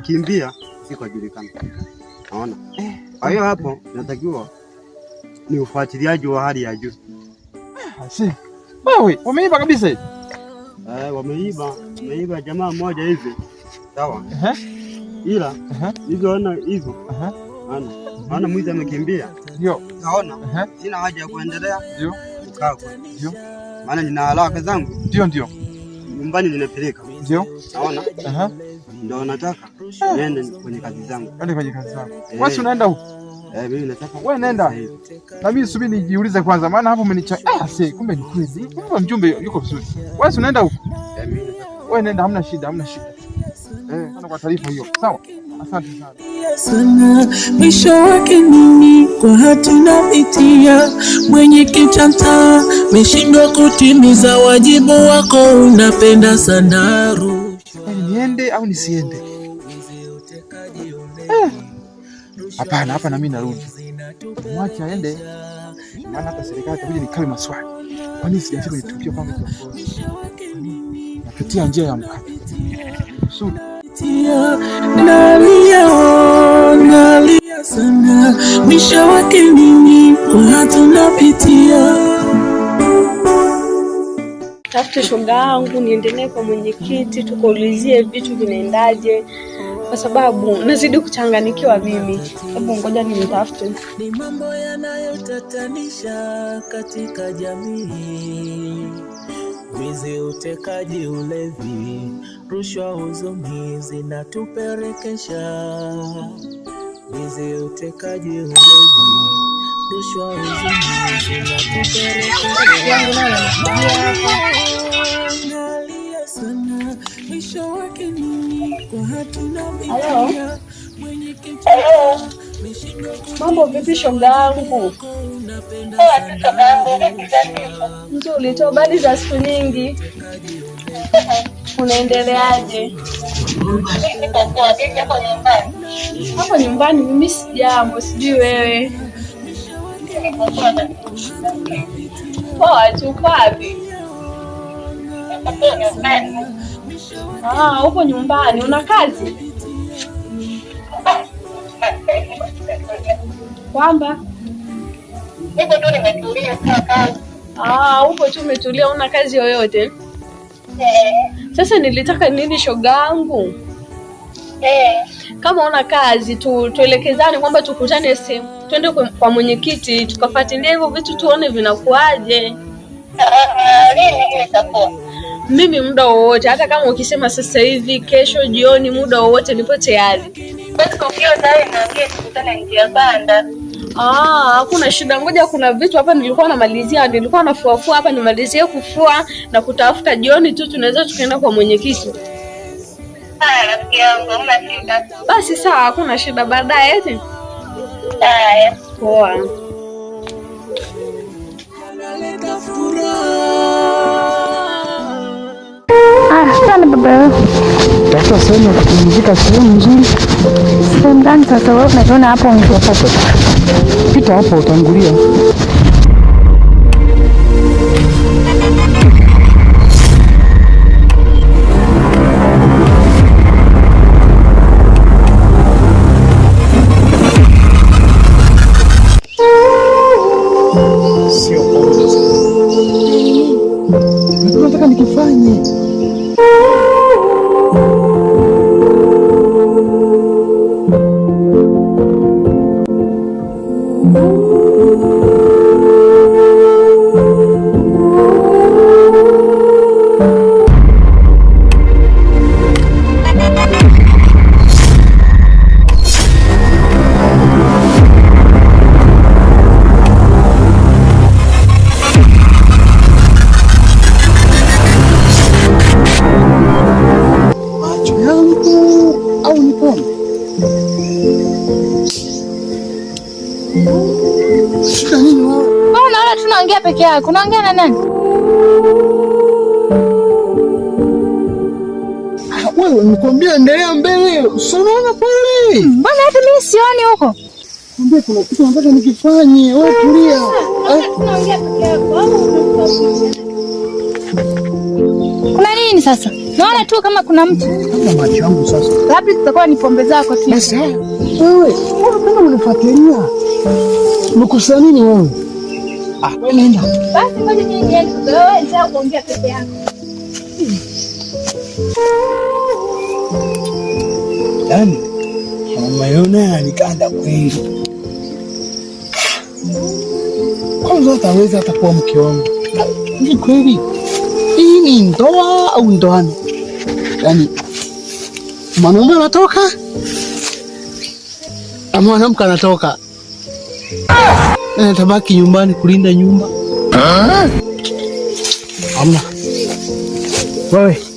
nimekimbia sikujulikana. Naona kwa hiyo hapo natakiwa ni ufuatiliaji wa hali ya juu. Wewe wameiba kabisa hivi. Eh, wameiba, wameiba jamaa mmoja hivi. Sawa. Ila niliona hivyo. Maana maana mwizi amekimbia. Ndio. Naona sina haja ya kuendelea. Ndio. Nikaa kwa. Ndio. Maana nina haraka zangu. Ndio, ndio. Nyumbani ninapeleka. Ndio. Naona ndo nataka ah. niende kwenye kazi zangu. kwenye kazi zako. Wewe si unaenda huko? Eh, mimi nataka. Wewe nenda. Na mimi subiri nijiulize kwanza maana hapo umenicha. Ah, si kumbe ni quiz. Kumbe mjumbe yuko vizuri. Wewe si unaenda huko? Eh, mimi nataka. Wewe nenda, hamna shida, hamna shida. Eh, kwa taarifa hiyo. Sawa. Asante sana. Mwisho wake nini? Kwa hati na mitia mwenye kichanta meshindwa kutimiza wajibu wako, unapenda sandaru niende au nisiende? Eh, hapana, eh, hapa nami narudi, mwache aende, maana hata serikali itakuja nikawe maswali, kwani sijafika kwenye tukio kama kiongozi, napitia njia ya mkato kusudi nalia sana, mwisho wake nini? Kuna tunapitia nitafute shoga yangu, niendelee kwa mwenyekiti, tukaulizie vitu vinaendaje, kwa sababu nazidi kuchanganikiwa mimi. Hebu ngoja nimtafute. Ni mambo yanayotatanisha katika jamii: wizi, utekaji, ulevi, rushwa, huzumi zinatuperekesha. Wizi, utekaji, ulevi kukumbushwa Mambo vipi, shoga wangu? Nzuri tu. Habari za siku nyingi, unaendeleaje? Hapo nyumbani mimi sijambo, sijui wewe Poa tu. Uko Ah, uko nyumbani. Una kazi kwamba uko ah, tu umetulia, una kazi yoyote? Eh. Sasa nilitaka nini shoga yangu? Eh. Kama una kazi tu, tuelekezane kwamba tukutane sehemu, twende kwa mwenyekiti tukafuatilia hivyo vitu tuone vinakuaje. Ah, ah, ah, Mimi muda wowote, hata kama ukisema sasa hivi, kesho jioni, muda wowote nipo tayari. Ah, hakuna shida. Ngoja, kuna vitu hapa nilikuwa namalizia, nilikuwa nafuafua hapa, nimalizie kufua na kutafuta. Jioni tu tunaweza tukaenda kwa mwenyekiti. Haya rafiki yangu, hamna shida. Basi sawa, hakuna shida. Baadaye eti. Haya, poa. Ah, sana baba, tafuta sehemu ya kupumzika, sehemu nzuri. Sehemu gani sasa? Wewe unaona hapo, pita hapo, utangulia unaongea peke yako, unaongea na nani? Wewe nikwambia endelea mbele, unaona pale? Mbona hata mimi sioni huko? Nikwambia kuna kitu nataka nikifanye, wewe tulia. Eh? Unaongea peke yako. Kuna nini sasa? Naona tu kama kuna mtu. Kama macho yangu sasa. Labda tutakuwa ni pombe zako tu. Sasa wewe, mbona unifuatilia? Nikusanini wewe? Ah, wewe nenda. Basi ngoja niende. Wewe kuongea peke yako. Yaani, mama yona alikanda kweli. Kwanza ataweza hata kuwa mke wangu. Ni kweli. Hii ni ndoa au ndoani yani mwanaume anatoka na mwanamke anatoka na tabaki nyumbani kulinda nyumba. Amna wewe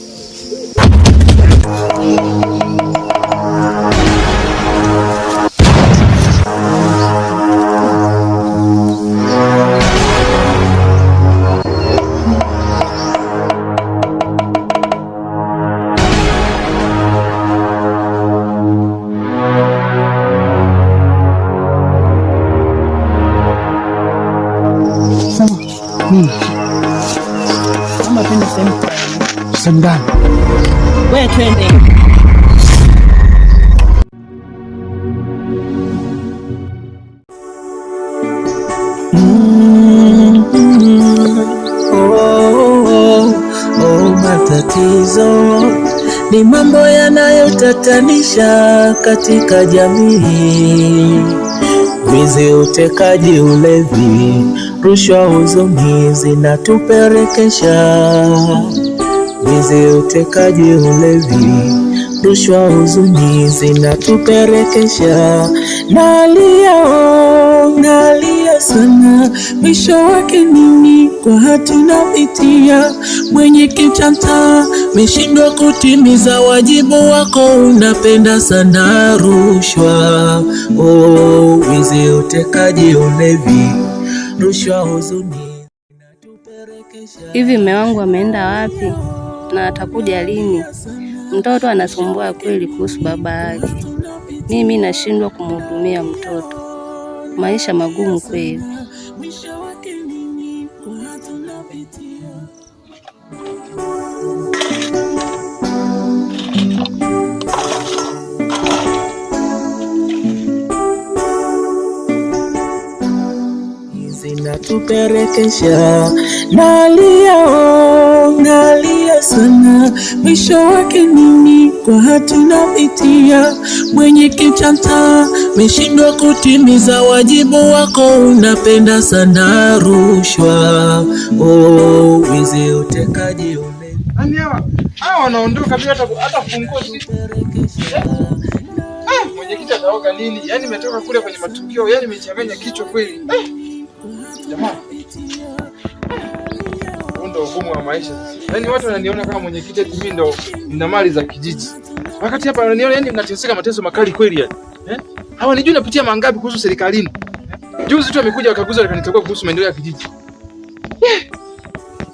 matatizo ni mambo yanayotatanisha katika jamii: wizi, utekaji, ulevi, rushwa, huzuni zinatuperekesha. Wizi, utekaji, ulevi, rushwa, huzuni zinatuperekesha. Nalia, nalia sana, mwisho wake nini? Kwa hati na mitia mwenye kichanta, meshindwa kutimiza wajibu wako. Unapenda sana rushwa, oh, wizi, utekaji, ulevi, rushwa, huzuni. Hivi mme wangu ameenda wapi na atakuja lini? Mtoto anasumbua kweli kuhusu baba yake, mimi nashindwa kumhudumia mtoto maisha magumu kweli. imenipelekesha nalia, oh, nalia sana, mwisho wake nini? Kwa hati na pitia mwenye kichanta meshindwa kutimiza wajibu wako, unapenda sana rushwa, oh, wizi, utekaji wanaondoka bila hata funguzi. Eh, Mwenyekiti ataoga nini? Yaani nimetoka kule kwenye matukio, yaani nimechanganya kichwa kweli. Eh, Jamani, ndo ugumu wa maisha. Yaani watu wananiona kama mwenyekiti mimi ndo nina mali za kijiji, wakati hapa wananiona yaani nateseka mateso makali kweli yaani. Eh? Hawanijui napitia mangapi kuhusu serikalini. Juzi tu amekuja wakaguza wakanitokea kuhusu maendeleo ya kijiji. Eh.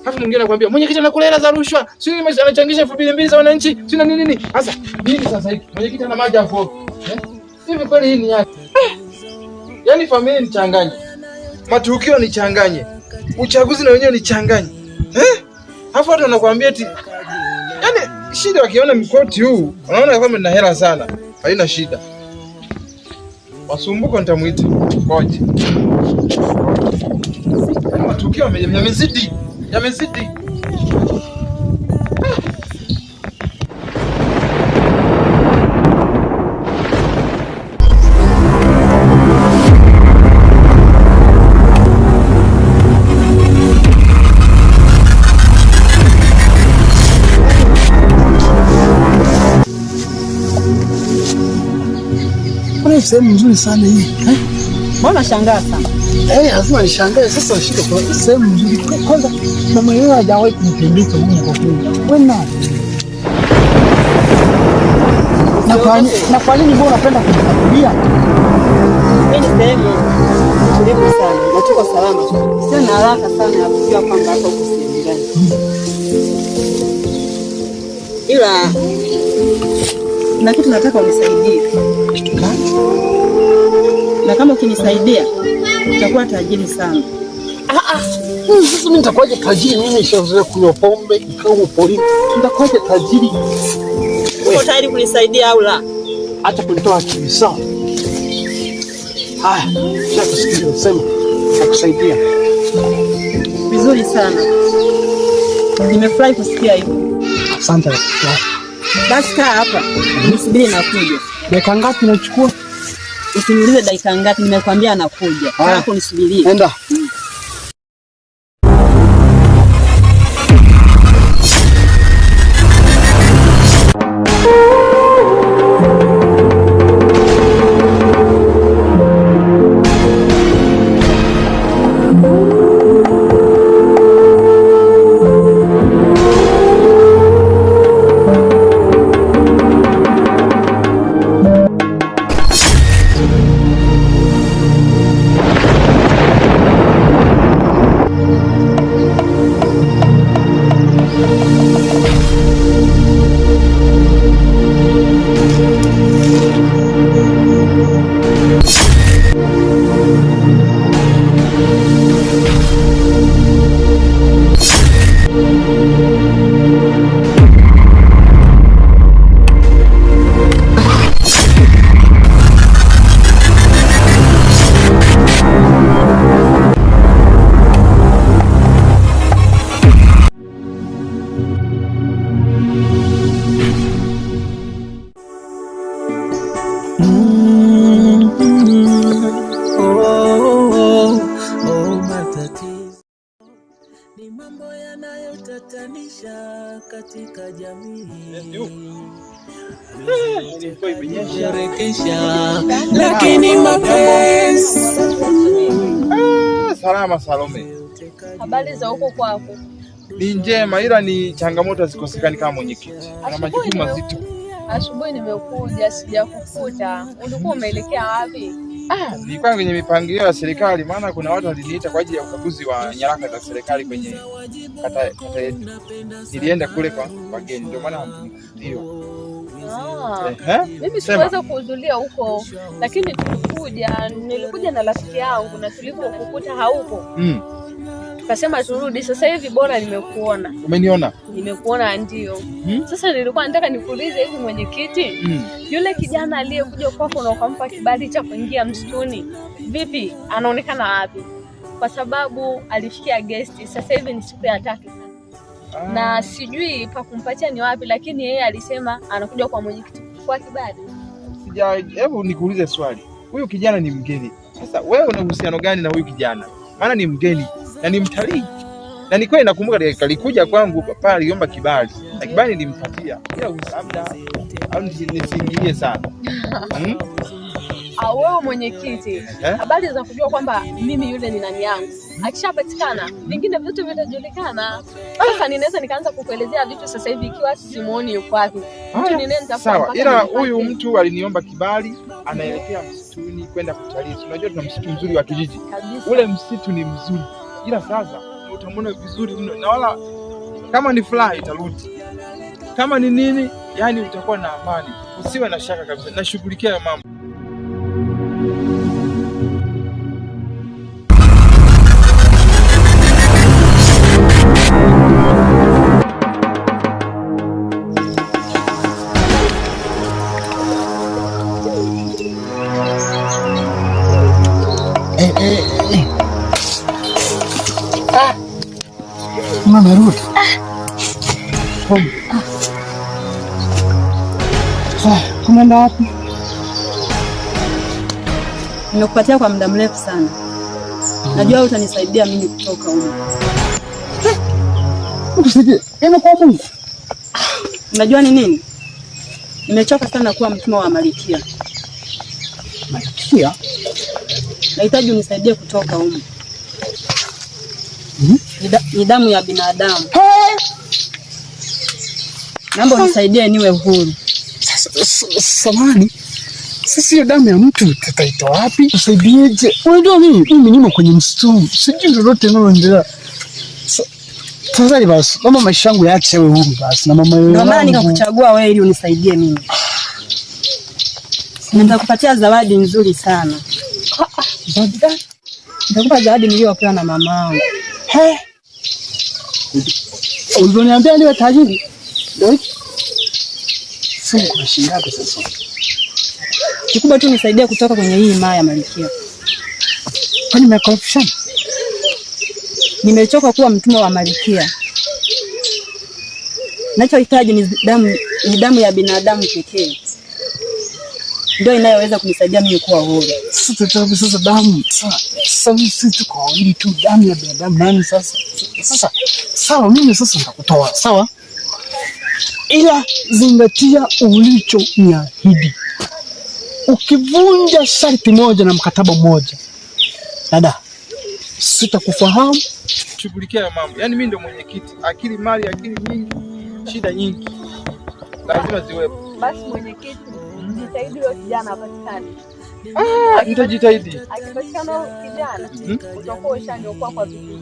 Alafu mwingine anakuambia mwenyekiti anakula hela za rushwa, si anachangisha elfu mbili mbili za wananchi, si na nini nini. Sasa nini sasa hiki? Mwenyekiti ana maji hapo. Eh? Hivi kweli hii ni yake. Eh. Yaani familia ni changanya matukio nichanganye, uchaguzi na wenyewe nichanganye eh? Afu watu wanakuambia eti, yani, shida, wakiona mkoti huu wanaona kwamba nina hela sana, haina shida. Masumbuko nitamwita koje, matukio yamezidi, yamezidi. kuna sehemu nzuri sana hii eh? Mbona shangaa sana? Eh, lazima nishangae sasa, ushike kwa sehemu nzuri. Kwanza mama yeye hajawahi kunipeleka huko kwa kweli. Wena. na kwa nini na kwa nini mbona unapenda kunifuatilia? Mimi ni sehemu tulivu sana. Natuko salama. Sina haraka sana ya kujua kwamba hapo uko sehemu Ila na kitu nataka unisaidie kitu Na kama ukinisaidia utakuwa tajiri sana. Ah, ah. Sasa mimi nitakuwaje tajiri? Mimi nishazoea kunywa pombe, ikawa polisi, nitakuwaje tajiri? Uko tayari kunisaidia au la? Hata kunitoa akili kibisa. Haya, shakusikia, sema nakusaidia vizuri sana. Nimefurahi kusikia hivyo, asante. Basi kaa hapa nisubiri, nakuja. Dakika ngapi unachukua? Usiniulize dakika ngapi, nimekwambia anakuja. Alafu nisubirie. Nenda. matatizo ni mambo yanayotatanisha katika jamii eh, kurekesha, lakini mapenzi eh, salama. Salome, habari za huko kwako? Ni njema, ila ni changamoto hazikosekani. Kama mwenyekiti na majukumu mazito. Asubuhi nimekuja sijakukuta, ulikuwa umeelekea wapi? Nilikuwa kwenye mipangilio ya serikali, maana kuna watu waliniita kwa ajili ya ukaguzi wa nyaraka za serikali kwenye kata, kata yetu. Nilienda kule kwa wageni, ndio maana ndio ah, eh? mimi sikuweza kuhudhuria huko, lakini tulikuja, nilikuja na rafiki yangu na tulipokukuta hauko mm. Kasema turudi sasa hivi, bora nimekuona. Umeniona? Nimekuona ndio. Hmm? Sasa nilikuwa nataka nikuulize hivi mwenyekiti, hmm, yule kijana aliyekuja kwako na ukampa kibali cha kuingia msituni, vipi, anaonekana wapi? Kwa sababu alifikia gesti, sasa hivi ni siku ya tatu ah, na sijui pa kumpatia ni wapi, lakini yeye alisema anakuja kwa mwenyekiti kwa kibali. Sija, hebu nikuulize swali, huyu kijana ni mgeni. Sasa wewe una uhusiano gani na huyu kijana? Maana ni mgeni na ni mtalii na ni kweli nakumbuka alikuja kwangu papa, aliomba kibali na kibali nilimpatia, ila labda au nisiingilie sana hmm? Ah, wewe mwenyekiti, eh? habari za kujua kwamba mimi yule ni nani yangu akishapatikana vingine vyote vitajulikana. Sasa ninaweza nikaanza kukuelezea vitu sasa hivi ikiwa simuoni yuko wapi sawa, ila huyu mtu aliniomba kibali, anaelekea msituni kwenda kutalii. Unajua tuna msitu mzuri wa kijiji, ule msitu ni mzuri ila sasa utamwona vizuri mno, na wala kama ni furaha itarudi, kama ni nini, yani utakuwa na amani, usiwe na shaka kabisa. Nashughulikia mambo Ah. Ah, Tunaenda wapi? Nimekupatia kwa muda mrefu sana, najua utanisaidia mimi kutoka huko. Eh, yaani kwa Mungu, ah, unajua ni nini, nimechoka sana kuwa mtumwa wa Malikia. Malikia, nahitaji unisaidie kutoka huko. Hmm? Ni damu ya binadamu. Hey! naomba unisaidie niwe huru. Samani, sisi hiyo damu ya mtu tutaitoa wapi? Usaidieje? Unajua mimi mimi nimo kwenye msituni, sijui lolote linaloendelea. Tafadhali basi, naomba maisha yangu yaache yawe huru basi, na mama yangu. Ndio maana nikakuchagua wewe ili unisaidie mimi. Nitakupatia zawadi nzuri sana. Zawadi gani? Nitakupa zawadi niliyopewa na mamangu. He? Ulizoniambia niwe tajiri? Simu kuna shilingi ngapi sasa? Kikubwa tu nisaidia kutoka kwenye hii maa ya Malkia. Kwani mmekorofishana? Nimechoka kuwa mtumwa wa malikia. Nachohitaji ni damu, ni damu ya binadamu pekee ndio inayoweza kunisaidia mimi kuwa huru. Sasa damu Sasa tuko wawili tu, damu ya binadamu nani? Sasa sawa, mimi sasa nitakutoa sawa ila zingatia ulicho ulichoniahidi. Ukivunja sharti moja na mkataba moja, dada, sitakufahamu. Shughulikia ya mambo, yaani mimi ndio mwenyekiti. Akili mali, akili nyingi, shida nyingi, lazima ziwepo. Basi mwenyekiti, jitahidi huyo kijana apatikane. Ah, nitajitahidi. Akipatikana kijana, hmm? utakuwa ushaniokoa kwa bidii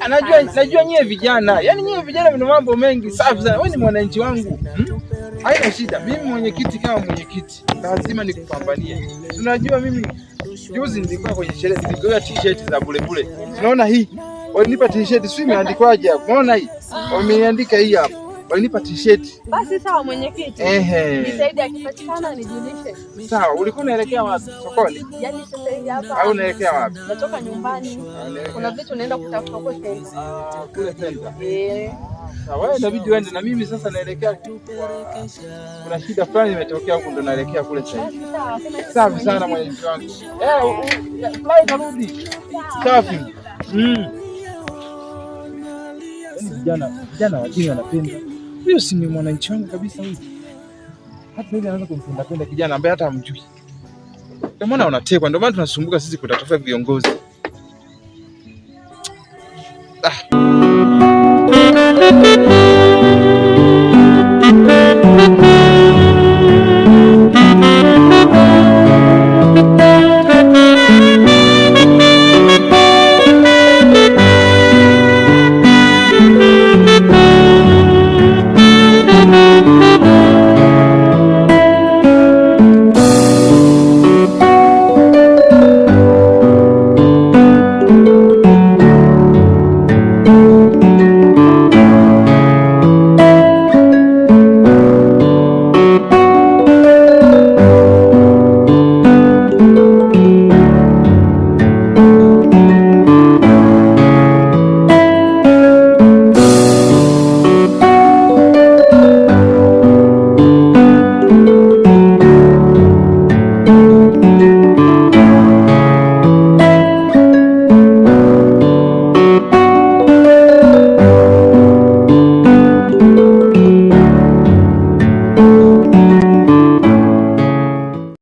anajua najua nyie vijana, yani nyie vijana mna mambo mengi, safi sana. Wewe ni mwananchi wangu, hmm? haina shida. Mimi mwenyekiti, kama mwenyekiti lazima nikupambanie. Tunajua mimi juzi nilikuwa kwenye sherehe, niligoa t-shirt za bure bure, unaona hii walinipa t-shirt, sio imeandikwaje hapo, unaona hii wameandika hii hapo walinipa t-shirt. Basi sawa mwenyekiti. Ehe. Nisaidie akipatikana nijulishe. Sawa, ulikuwa unaelekea wapi? Sokoni? Yaani sasa hivi hapa. Au unaelekea wapi? Natoka nyumbani. Kuna vitu naenda kutafuta huko tena. Ah, kule tena. Eh. Sawa, wewe inabidi uende na mimi sasa naelekea tu. Kuna shida fulani imetokea huko ndo naelekea kule tena. Safi sana mwenyekiti wangu. Eh, fly karudi. Safi. Mm. Vijana vijana wajini wanapenda huyo si ni mwananchi wangu kabisa huyo. Hata yule anaweza kumpenda penda kijana ambaye hata hamjui. Ndio maana unatekwa, ndio maana tunasumbuka sisi kutatafuta viongozi. Ah.